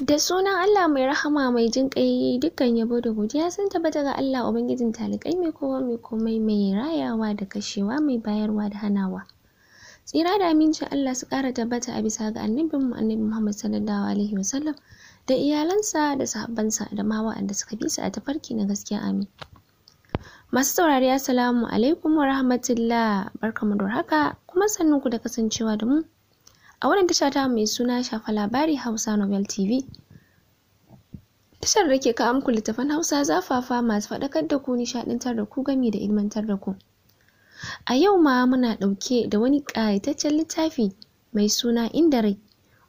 Da sunan Allah mai rahama mai jin ƙai dukkan yabo da godiya sun tabbata ga Allah Ubangijin talikai mai kowa mai komai mai rayawa da kashewa mai bayarwa da hanawa. Tsira da aminci Allah su ƙara tabbata a bisa ga annabin annabi Muhammad sallallahu alaihi wasallam da iyalansa da sahabbansa da ma wa'anda suka bi su a tafarki na gaskiya amin. Masu saurari assalamu alaikum wa rahmatullah barkamu da haka kuma sannunku da kasancewa da mu a wannan tashar ta mai suna shafa labari hausa novel tv tashar da ke kawo muku littafan hausa zafafa masu faɗakar da ku nishaɗantar da ku gami da ilmantar da ku a yau ma muna ɗauke da wani ƙayataccen littafi mai suna inda rai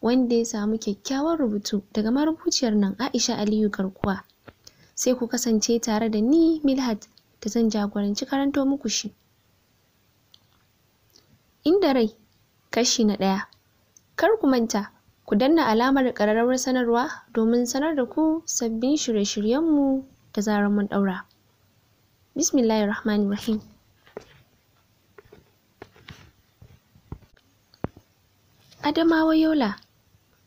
wanda ya samu kyakkyawan rubutu daga marubuciyar nan aisha aliyu garkuwa sai ku kasance tare da ni milhat da zan jagoranci karanto muku shi inda rai kashi na ɗaya Kar ku manta, ku danna alamar ƙararrawar sanarwa domin sanar da ku sabbin shirye-shiryenmu da zarar mun ɗaura. Bismillahirrahmanirrahim. Adamawa Yola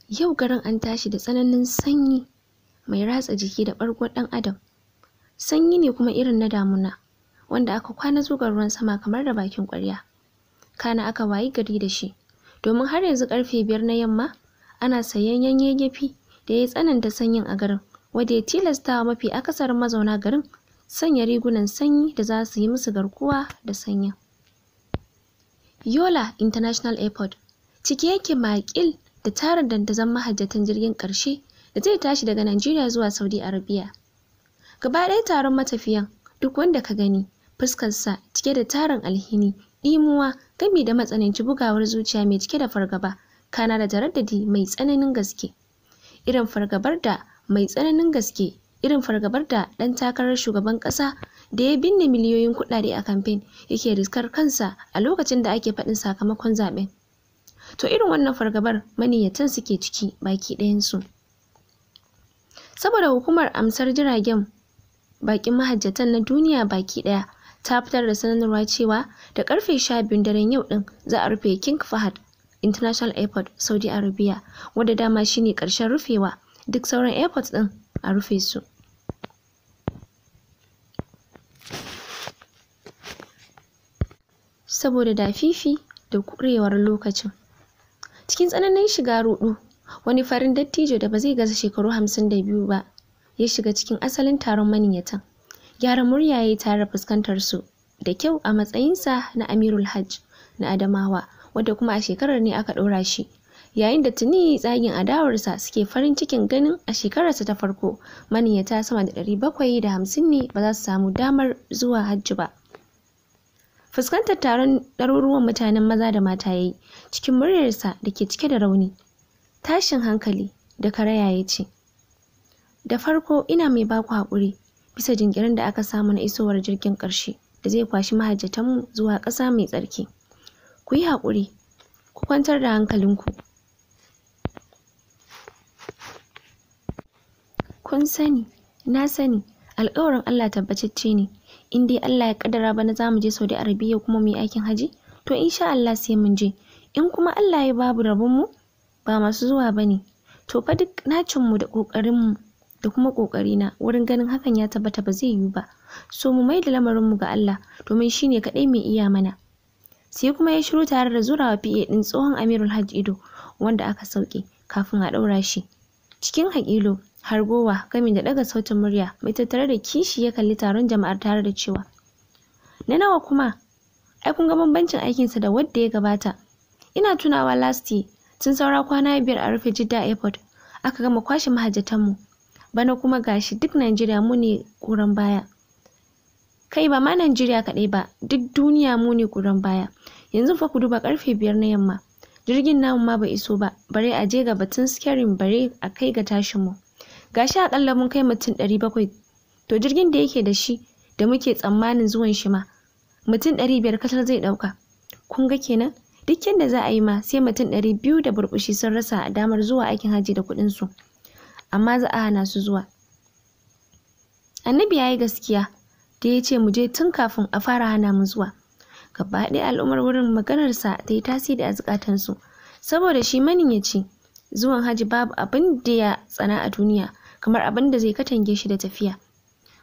Yau garin an tashi da tsananin sanyi mai ratsa jiki da ɓargon ɗan adam. Sanyi ne kuma irin na damuna, wanda aka kwana zugar ruwan sama kamar da bakin ƙwarya. Kana aka wayi gari da shi. domin har yanzu karfe biyar na yamma ana yanye-yanye yayyafi da ya tsananta sanyin a garin wadda ya tilasta mafi akasarin mazauna garin sanya rigunan sanyi da za su yi musu garkuwa da sanyin. Yola International Airport cike yake makil da tarin dandazon mahajjatan jirgin ƙarshe da zai tashi daga Najeriya zuwa Saudi Arabia. Gaba ɗaya taron matafiyan duk wanda ka gani fuskarsa cike da tarin alhini ɗimuwa gami da matsananci bugawar zuciya mai cike da fargaba kana da taraddadi mai tsananin gaske irin fargabar da mai tsananin gaske irin fargabar da ɗan takarar shugaban ƙasa da ya binne miliyoyin kuɗaɗe a kamfen yake riskar kansa a lokacin da ake faɗin sakamakon zaɓen to irin wannan fargabar maniyyatan suke ciki baki ɗayansu saboda hukumar amsar jiragen bakin mahajjatan na duniya baki ɗaya ta fitar da sanarwa cewa da karfe 12 daren yau din za a rufe King Fahad International Airport Saudi Arabia wadda dama shine karshen rufewa duk sauran airports din a rufe su saboda da fifi da kurewar lokacin cikin tsananin shiga rudu wani farin dattijo da ba zai gaza shekaru 52 ba ya shiga cikin asalin taron maniyyatan gyara murya ya tare fuskantar su da kyau a matsayinsa na amirul hajj na adamawa wadda kuma a shekarar ne aka ɗora shi yayin da tuni tsagin adawarsa suke farin cikin ganin a shekararsa ta farko maniyata sama da ɗari bakwai da hamsin ne ba za su samu damar zuwa hajji ba fuskantar taron ɗaruruwan mutanen maza da mata ya yi cikin muryarsa da ke cike da rauni tashin hankali da karaya ya ce da farko ina mai baku haƙuri bisa jinkirin da aka samu na isowar jirgin ƙarshe da zai kwashi mahajjatanmu zuwa ƙasa mai tsarki. Ku yi haƙuri, ku kwantar da hankalinku. Kun sani, na sani, alƙawarin Allah tabbatacce ne, in dai Allah ya ƙaddara bana za mu je da arabiya kuma mu yi aikin haji, to insha Allah sai mun je. In kuma Allah ya babu rabonmu, ba masu zuwa ba ne, to fa duk nacinmu da ƙoƙarinmu da kuma na wurin ganin hakan ya tabbata ba zai yiwu ba so mu mai da lamarinmu ga Allah domin shine kaɗai mai iya mana sai kuma ya shiru tare da zurawa PA ɗin tsohon amirul hajj ido wanda aka sauke kafin a ɗaura shi cikin haƙilo hargowa gami da ɗaga sautin murya mai tattare da kishi ya kalli taron jama'ar tare da cewa na nawa kuma ai kun ga bambancin aikinsa da wadda ya gabata ina tunawa last year tun saura kwana biyar a rufe jidda airport aka gama kwashe mahajjatanmu bana kuma gashi duk najeriya mu ne kuran baya kai ba ma najeriya kaɗai ba duk duniya mu ne kuran baya yanzu fa ku duba karfe biyar na yamma jirgin namu ma bai iso ba bare a je ga batun scaring bare a kai ga tashin mu gashi akalla mun kai mutum ɗari bakwai to jirgin da yake da shi da muke tsammanin zuwan shi ma mutum ɗari biyar kacal zai ɗauka kun ga kenan duk yadda za a yi ma sai mutum ɗari biyu da burbushi sun rasa a damar zuwa aikin haji da kuɗinsu amma za a hana su zuwa annabi ya yi gaskiya da ya ce mu je tun kafin a fara hana mu zuwa gaba ɗaya al'ummar wurin maganarsa ta yi tasiri a zukatansu saboda shi ce, zuwan haji babu abin da ya tsana a duniya kamar abin da zai katange shi da tafiya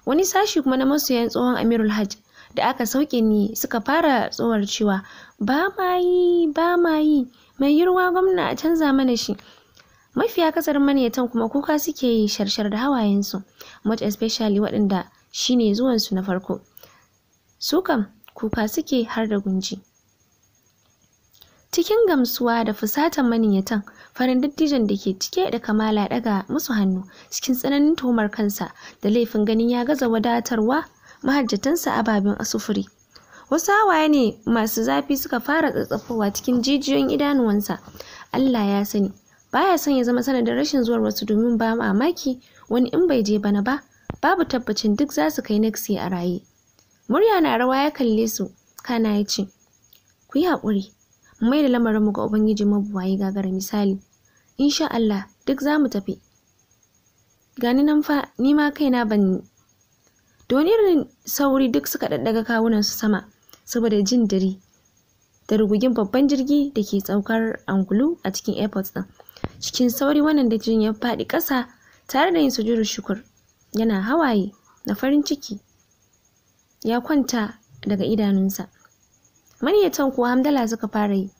wani sashi kuma na masoyan tsohon amirul hajj da aka sauke ni suka fara tsowar cewa ba ma yi ba ma yi mai yirwa gwamna a canza mana shi mafiya kasarin maniyatan kuma kuka suke yi sharshar da hawayensu much especially waɗanda shine zuwansu na farko sukan kuka suke har da gunji cikin gamsuwa da fusatan maniyatan farin dattijon da ke cike da kamala daga musu hannu cikin tsananin tuhumar kansa da laifin ganin ya gaza wadatarwa mahajjatansa ababen asufuri wasu hawaye ne masu zafi suka fara tsatsafowa cikin jijiyoyin idanuwansa allah ya sani baya son ya zama sanadin rashin zuwar wasu domin ba mamaki wani in bai je bana ba babu tabbacin duk za su kai nexi a raye murya na rawa ya kalle su kana ya ce ku yi haƙuri mai da lamarin mu ga ubangiji mabuwayi gagara misali insha Allah duk za mu tafi gani nan fa ni ma kaina ban don irin sauri duk suka daddaga kawunan su sama saboda jin dare da rugugin babban jirgi da ke tsaukar angulu a cikin airport din cikin sauri wannan da jin ya faɗi ƙasa tare da yin sujuru shukur yana hawaye na farin ciki ya kwanta daga idanunsa maniyatan kuwa hamdala suka fara yi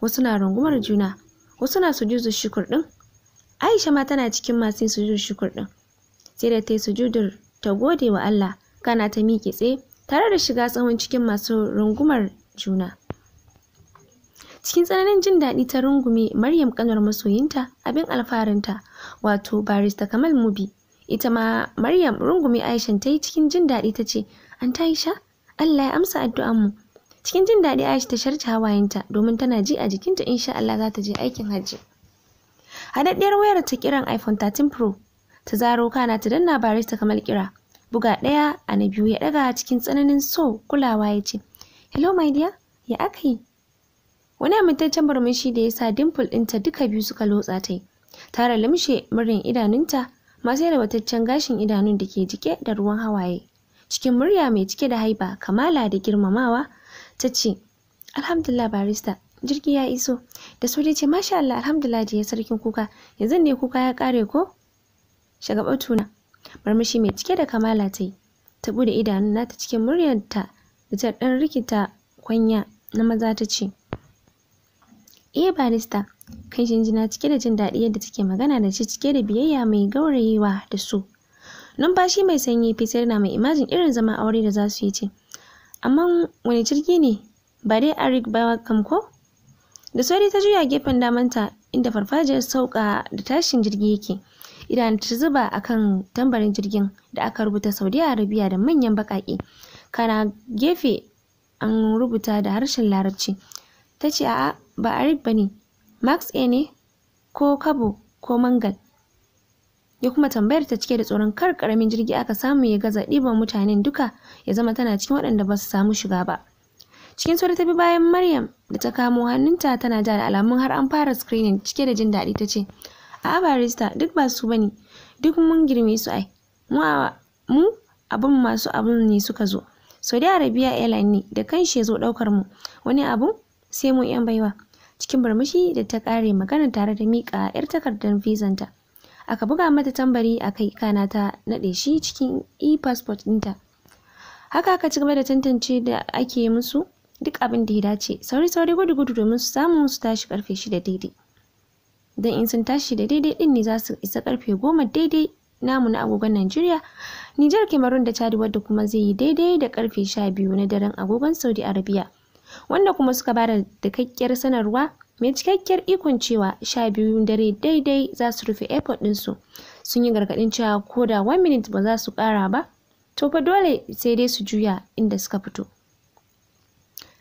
wasu na rungumar juna wasu na sujudu shukur ɗin aisha ma tana cikin masu yin sujudu shukur ɗin sai da ta yi sujudar ta gode wa allah kana ta miƙe tsaye tare da shiga tsawon cikin masu rungumar juna cikin tsananin jin daɗi ta rungume maryam kanar masoyinta abin alfarinta wato barista kamal mubi ita ma maryam rungume aishan ta yi cikin jin daɗi ta ce an ta yi sha allah ya amsa addu'anmu cikin jin daɗi aisha ta sharci hawayenta domin tana ji a jikinta insha allah za ta je aikin hajji haɗaɗɗiyar wayar ta kiran iphone 13 pro ta zaro kana ta danna barista kamal kira buga ɗaya a na biyu ya ɗaga cikin tsananin so kulawa ya ce hello my dear ya aka yi wani amintaccen murmushi da ya sa dimple ɗinta duka biyu suka lotsa ta tara limshe murin idanunta masu wataccen gashin idanun da ke jike da ruwan hawaye cikin murya mai cike da haiba kamala da girmamawa ta ce alhamdulillah barista jirgi ya iso da su ce masha Allah alhamdulillah ya sarkin kuka yanzu ne kuka ya kare ko shagabatu na murmushi mai cike da kamala ta yi ta bude idanun nata cikin muryarta da ta dan rikita kwanya na maza ta ce eh barista kai jinjina cike da jin daɗi yadda take magana da shi cike da biyayya mai gaurayewa da su numfashi mai sanyi fitar na mai imajin irin zama aure da za su yi ce amma wani jirgi ne ba dai arik ba kam ko da sauri ta juya gefen damanta inda farfajiyar sauka da tashin jirgi yake idan ta zuba akan tambarin jirgin da aka rubuta saudi arabia da manyan baƙaƙe kana gefe an rubuta da harshen larabci ta ce a'a ba Arif ba ne Max A ne ko Kabo ko Mangal ya kuma tambayar ta cike da tsoron kar karamin jirgi aka samu ya gaza ɗiban mutanen duka ya zama tana cikin waɗanda ba su samu shiga ba cikin sauri ta bi bayan Maryam da ta kamo hannunta tana da alamun har an fara screening cike da jin daɗi ta ce a barista duk ba su ba ne, duk mun girme su ai mu abun masu abun ne suka zo saudi arabia airline ne da kan shi ya zo ɗaukar mu wani abu sai mu yan baiwa cikin murmushi da ta kare magana tare da miƙa 'yar takardar vizanta aka buga mata tambari a kai kana ta naɗe shi cikin e-passport ɗinta haka aka ci gaba da tantance da ake musu duk abin da ya dace sauri sauri gudu gudu domin su samu su tashi karfe shida daidai don in sun tashi da daidai din ne za su isa karfe goma daidai namu na agogon Najeriya Nijar Cameroon da Chad wadda kuma zai yi daidai da karfe sha biyu na daren agogon Saudi Arabia wanda kuma suka ba da cikakkiyar sanarwa mai cikakkiyar ikon cewa sha biyu dare daidai za su rufe airport ɗinsu sun yi gargaɗin cewa ko da one minute ba za su kara ba to fa dole sai dai su juya inda suka fito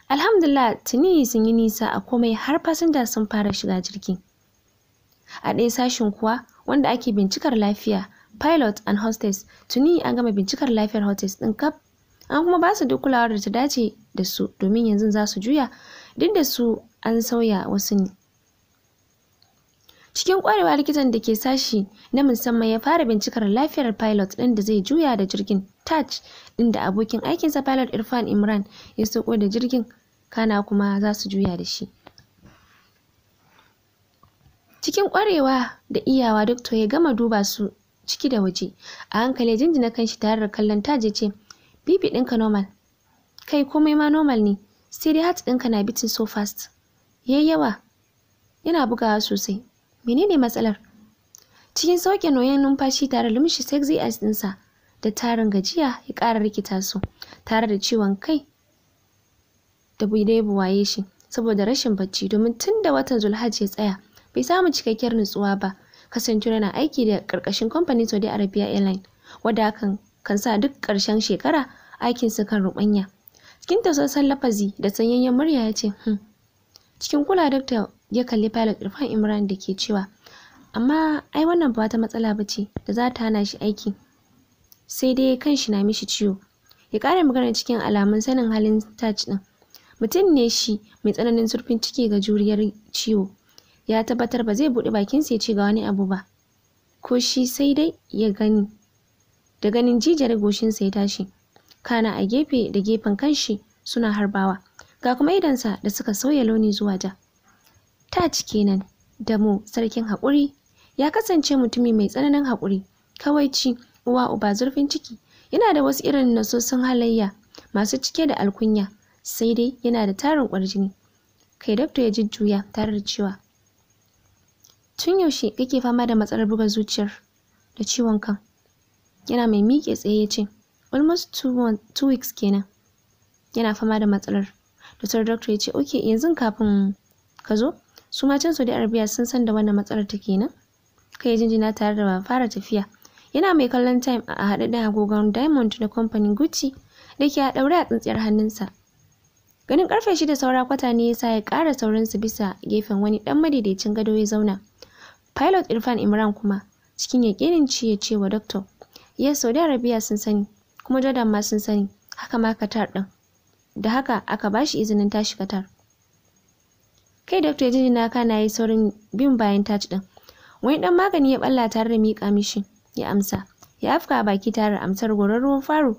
alhamdulillah tuni sun yi nisa a komai har fasinja sun fara shiga jirgi. a ɗaya sashen kuwa wanda ake bincikar lafiya pilot and hostess tuni an gama bincikar lafiyar hostess ɗin kaf an kuma ba su duk kulawar da ta dace da su domin yanzu za su juya duk da su an sauya wasu ne cikin kwarewa likitan da ke sashi na musamman ya fara bincikar lafiyar pilot ɗin da zai juya da jirgin taj din da abokin aikinsa pilot irfan imran ya sauko da jirgin kana kuma za su juya da shi cikin kwarewa da iyawa doktor ya gama duba su ciki da waje a hankali jinjina kanshi tare da kallon taje ce bibi ɗinka normal kai komai ma normal ne sai dai hat ɗinka na bitin so fast yayi yawa yana bugawa sosai menene matsalar cikin sauke noyan numfashi tare da lumshi sexy eyes ɗinsa da tarin gajiya ya ƙara rikita su tare da ciwon kai da bai buwaye shi saboda rashin bacci domin tun da watan zulhaji ya tsaya bai samu cikakkiyar nutsuwa ba kasancewa yana aiki da ƙarƙashin kamfanin saudi arabia airline wadda hakan kan sa duk ƙarshen shekara aikin su kan ruɓanya cikin tausasan lafazi da sanyayyen murya ya ce hm cikin kula dokta ya kalli pilot irfan imran da ke cewa amma ai wannan ba wata matsala ba ce da za ta hana shi aiki sai dai kan shi na mishi ciwo ya ƙara magana cikin alamun sanin halin touch ɗin mutum ne shi mai tsananin zurfin ciki ga juriyar ciwo ya tabbatar ba zai buɗe bakinsa ya ce ga wani abu ba ko shi sai dai ya gani da ganin jijiyar goshinsa ya tashi kana a gefe da gefen kanshi suna harbawa ga kuma idansa da suka sauya launi zuwa ja ta ciki nan da mu sarkin haƙuri ya kasance mutumi mai tsananin haƙuri kawai ci uwa uba zurfin ciki yana da wasu irin nasosin halayya masu cike da alkunya sai dai yana da tarin ƙwarjini kai dakto ya jujjuya tare da cewa tun yaushe kake fama da matsalar buga zuciyar da ciwon kan yana mai miƙe tsaye ya ce almost two, weeks kenan yana fama da matsalar Dr. Doctor ya ce ok yanzu kafin ka zo su ma can Saudi Arabia sun san da wannan matsalar ta kenan kai jinjina tare da fara tafiya yana mai kallon time a da agogon diamond da kamfanin gucci da ke a ɗaure a tsintsiyar hannunsa ganin karfe shida saura kwata ne yasa ya ƙara saurinsu bisa gefen wani ɗan madaidaicin gado ya zauna pilot irfan imran kuma cikin yakinin ci ya ce wa doctor yes saudi arabia sun sani kuma jordan ma sun sani haka ma katar din da haka aka ba shi izinin tashi katar. kai dr jini na kana yi saurin bin bayan taci din wani dan magani ya balla tare da miƙa mishi ya amsa ya afka baki tare amsar goron ruwan faro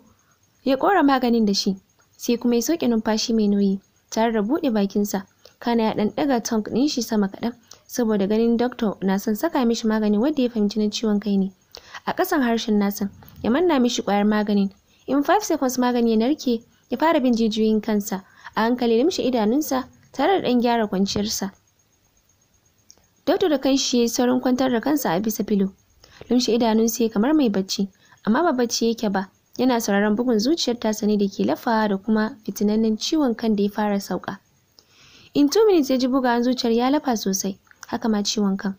ya kora maganin da shi sai kuma ya soke numfashi mai nauyi tare da buɗe bakinsa kana ya ɗan ɗaga tonk ɗin shi sama kaɗan saboda ganin doctor na son saka mishi magani wanda ya fahimci na ciwon kai ne a ƙasan harshen nasan ya manna mishi ƙwayar maganin in 5 seconds magani ya narke ya fara bin jijiyoyin kansa a hankali limshe idanunsa tare da ɗan gyara kwanciyarsa Dauda da kanshi ya yi saurin kwantar da kansa a bisa filo limshe idanunsa ya kamar mai bacci amma ba bacci yake ba yana sauraron bugun zuciyar tasa ne da ke lafa da kuma fitinannen ciwon kan da ya fara sauka in 2 minutes ya ji bugawan zuciyar ya lafa sosai haka ma ciwon kan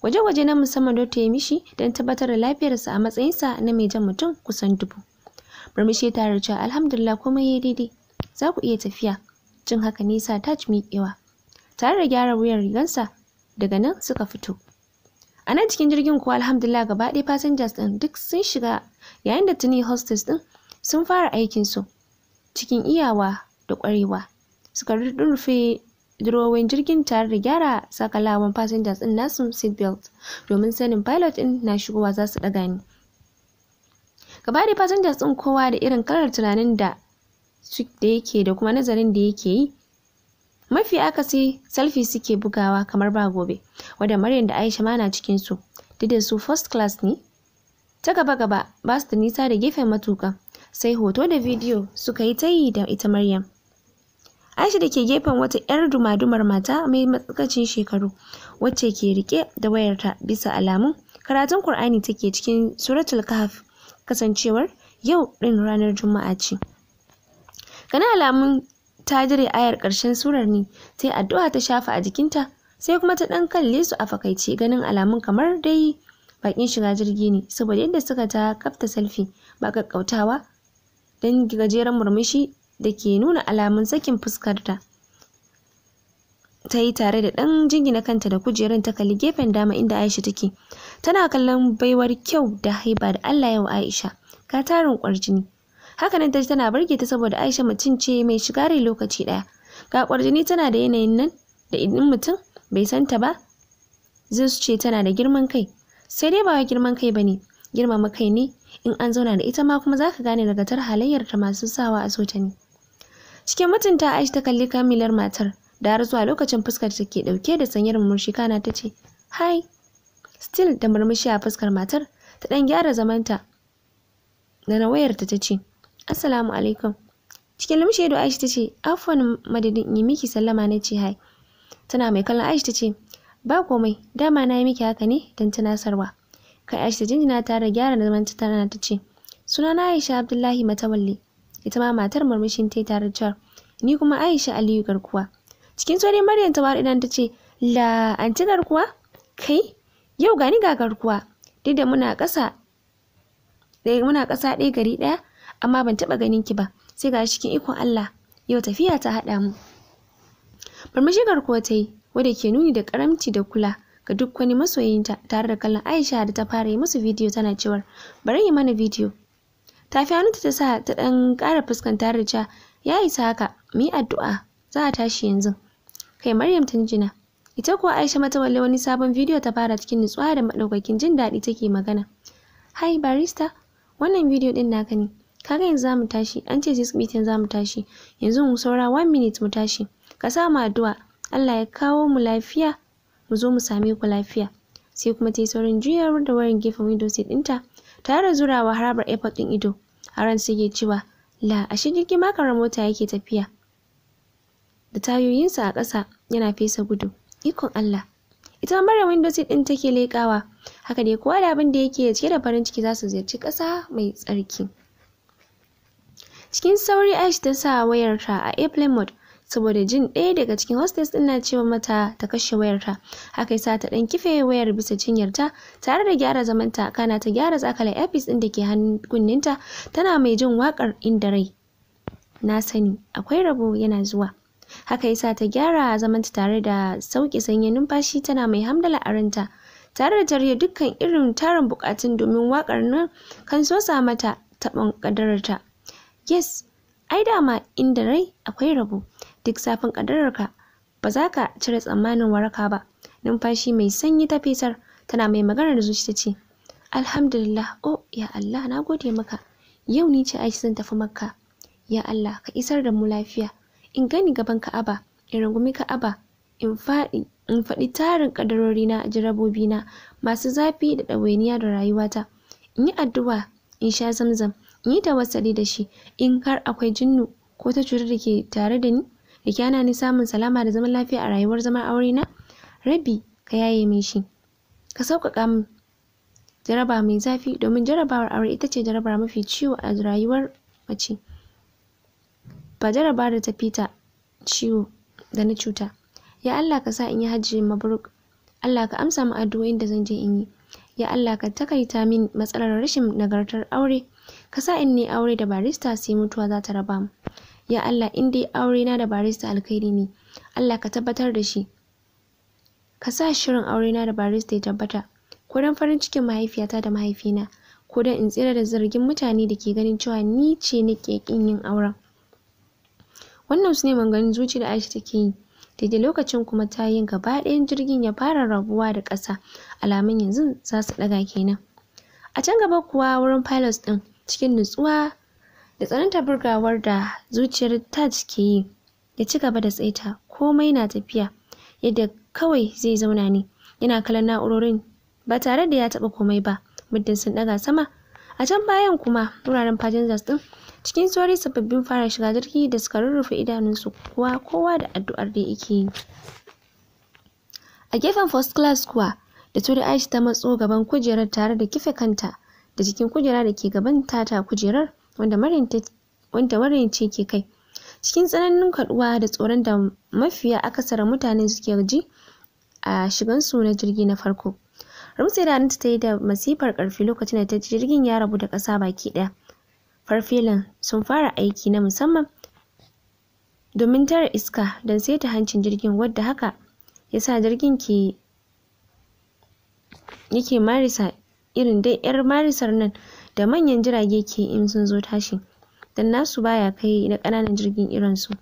gwaje-gwaje na musamman da ta yi mishi don tabbatar da lafiyarsa a matsayinsa na mai jan mutum kusan dubu murmushi ta harce alhamdulillah komai ya daidai za ku iya tafiya Cin haka nisa ta ci miƙewa tare da gyara wuyan rigansa daga nan suka fito a nan cikin jirgin kuwa alhamdulillah gaba ɗaya fasinjas ɗin duk sun shiga yayin da tuni hostess ɗin sun fara aikinsu cikin iyawa da ƙwarewa suka rufe durowin jirgin tare da gyara sakalawan fasinjas din nasu seatbelt domin sanin pilot din na shigowa za su daga ni gaba da fasinjas din kowa da irin kalar tunanin da da yake da kuma nazarin da yake yi mafi akasi selfie suke bugawa kamar ba gobe wadda maryam da aisha ma na cikin su su first class ne ta gaba gaba ba su da nisa da gefen matuka sai hoto da bidiyo suka yi tayi da ita maryam Aisha da ke gefen wata 'yar dumadumar mata mai matsakacin shekaru wacce ke rike da wayarta bisa alamun karatun Kur'ani take cikin suratul kahf kasancewar yau ɗin ranar Juma'a ce. Ganin alamun ta jire ayar ƙarshen surar ne sai addu'a ta shafa a jikinta sai kuma ta ɗan kalle su a fakaice ganin alamun kamar dai bakin shiga jirgi ne saboda yadda suka ta kafta selfie ba kakkautawa don gajeren murmushi da ke nuna alamun sakin fuskarta ta yi tare da ɗan jingina kanta da kujerun ta kalli gefen dama inda Aisha take tana kallon baiwar kyau da haiba da Allah yau Aisha ka tarin kwarjini hakanan ta tana barge ta saboda Aisha mutum ce mai shiga rai lokaci ɗaya ga kwarjini tana da yanayin nan da idan mutum bai san ta ba zai ce tana da girman kai sai dai ba girman kai ba ne girmama kai ne in an zauna da ita ma kuma zaka gane tar halayyar ta masu sawa a so ne cikin mutunta aisha ta kalli kamilar matar da har zuwa lokacin fuskar ta ke dauke da sanyar murmushi kana ta ce hi still da murmushi a fuskar matar ta dan gyara zamanta da na wayarta ta ce assalamu alaikum cikin lumshe da aisha ta ce afwan madadin yi miki sallama na ce hai tana mai kallon aisha ta ce ba komai dama na yi miki haka ne don tunasarwa kai aisha ta jinjina tare gyara zamanta tana ta ce sunana aisha abdullahi Matawalli? ita ma matar murmushin ta tare cewa ni kuma aisha aliyu garkuwa cikin tsoron maryam ta wari idan ta ce la anti garkuwa kai yau gani ga garkuwa duk da muna ƙasa eh, muna ƙasa ɗaya gari ɗaya amma ban taɓa ganin ki ba sai ga cikin ikon Allah yau tafiya ta haɗa mu murmushin garkuwa ta yi wadda ke nuni da karamci da kula ga duk wani masoyinta tare da kallon Aisha da ta fara yi musu bidiyo tana cewar bari yi mana bidiyo tafi hannunta ta sa ta ɗan ƙara fuskanta rija ya isa haka mu yi addu'a za a tashi yanzu kai maryam jina ita kuwa aisha mata walle wani sabon bidiyo ta fara cikin nutsuwa da maɗaukakin jin daɗi take magana hai barista wannan bidiyo ɗin naka ne kaga yanzu zamu tashi an ce six za zamu tashi yanzu mu saura one minute mu tashi ka sa mu addu'a Allah ya kawo mu lafiya mu zo mu same ku lafiya sai kuma ta yi saurin juyar da wayan gefen window seat ɗinta tare da zurawa harabar airport ɗin ido a ran suke cewa la a shi jirgin makarar mota yake tafiya da tayoyinsa a ƙasa yana fesa gudu ikon Allah ita mara windows din take leƙawa haka dai kowa da abin da yake cike da farin ciki za su ziyarci ƙasa mai tsarki cikin sauri Aisha ta sa wayarta a airplane mode saboda jin ɗaya daga cikin hostess ɗin na cewa mata ta kashe wayarta haka yasa ta ɗan kife wayar bisa cinyarta tare da gyara zamanta kana ta gyara tsakalar earpiece ɗin da ke hannun kunninta tana mai jin waƙar inda rai na sani akwai rabo yana zuwa haka yasa ta gyara zamanta tare da sauƙi sanyin numfashi tana mai hamdala a ranta tare da tarye dukkan irin tarin buƙatun domin waƙar nan kan sosa mata taɓin ƙadararta yes ai dama inda rai akwai rabo duk safin ƙadararka ba za ka cire tsammanin waraka ba numfashi mai sanyi ta fitar tana mai magana da zuci ta ce alhamdulillah o oh, ya allah na gode maka yau ni ce aiki zan tafi makka ya allah ka isar da mu lafiya in gani gaban ka'aba in rungumi ka'aba in faɗi in faɗi tarin ƙadarorina na masu zafi da ɗawainiya da rayuwata in yi addu'a in sha zamzam in yi tawassali da shi in har akwai jinnu ko ta cutar da ke tare da ni da ke ana ni samun salama da zaman lafiya a rayuwar zaman aure na rabi ka yaye min shi ka sauƙaƙa min jaraba mai zafi domin jarabawar aure ita ce jaraba mafi ciwo a rayuwar mace ba jaraba da ta fita ciwo da na cuta ya Allah ka sa in yi hajji mabruk Allah ka amsa mu addu'o'in da zan je in yi ya Allah ka takaita min matsalar rashin nagartar aure ka sa in ne aure da barista sai mutuwa za ta raba mu ya Allah in dai aure na da barista alkhairi ne Allah ka tabbatar da shi ka sa shirin aure na da barista ya tabbata ko dan farin cikin mahaifiyata da mahaifina ko dan in tsira da zargin mutane da ke ganin cewa ni ce nake kin yin auren wannan su ne maganganun zuci da Aisha take yi daidai lokacin kuma ta yin gaba ɗayan jirgin ya fara rabuwa da ƙasa alamun yanzu za su ɗaga kenan a can gaba kuwa wurin pilots ɗin cikin nutsuwa da tsananta burgawar da zuciyar taj ke yi ya ci gaba da tsaita komai na tafiya yadda kawai zai zauna ne yana kallon na'urorin ba tare da ya taɓa komai ba muddin sun ɗaga sama a can bayan kuma wuraren fajin ɗin cikin sauri sababbin fara shiga jirgi da suka rurrufe idanunsu kuwa kowa da addu'ar da yake yi a gefen first class kuwa da turi aisha ta matso gaban kujerar tare da kife kanta da jikin kujera da ke gaban tata kujerar wanda Maryam ce ke kai cikin tsananin kaduwa da tsoron da mafiya tsara mutane suke ji a su na jirgi na farko rumtse da ta yi da masifar karfi lokacin da ta ci jirgin ya rabu da kasa baki daya farfelin sun fara aiki na musamman domin tara iska don saita hancin jirgin wadda haka ya sa jirgin ke yake marisa irin dai 'yar marisar nan da manyan jirage ke in sun zo tashi don nasu baya kai na ƙananan jirgin irinsu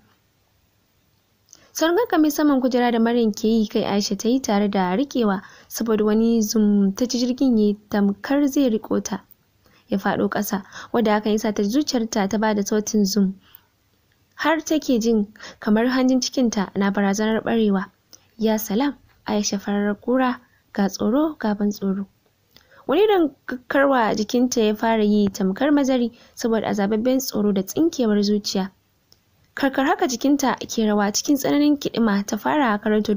sauran kamar saman kujera da maryam ke yi kai aisha ta yi tare da riƙewa saboda wani zumtaci jirgin ya tamkar zai riƙo ta ya faɗo ƙasa wadda aka yi sata zuciyarta ta ba da sautin zum har take jin kamar hanjin cikinta na barazanar barewa ya salam aisha farar kura ga tsoro gaban tsoro wani irin karwa jikinta ya fara yi tamkar mazari saboda azababben tsoro da tsinkewar zuciya karkar haka jikinta ke rawa cikin tsananin kiɗima ta fara karanto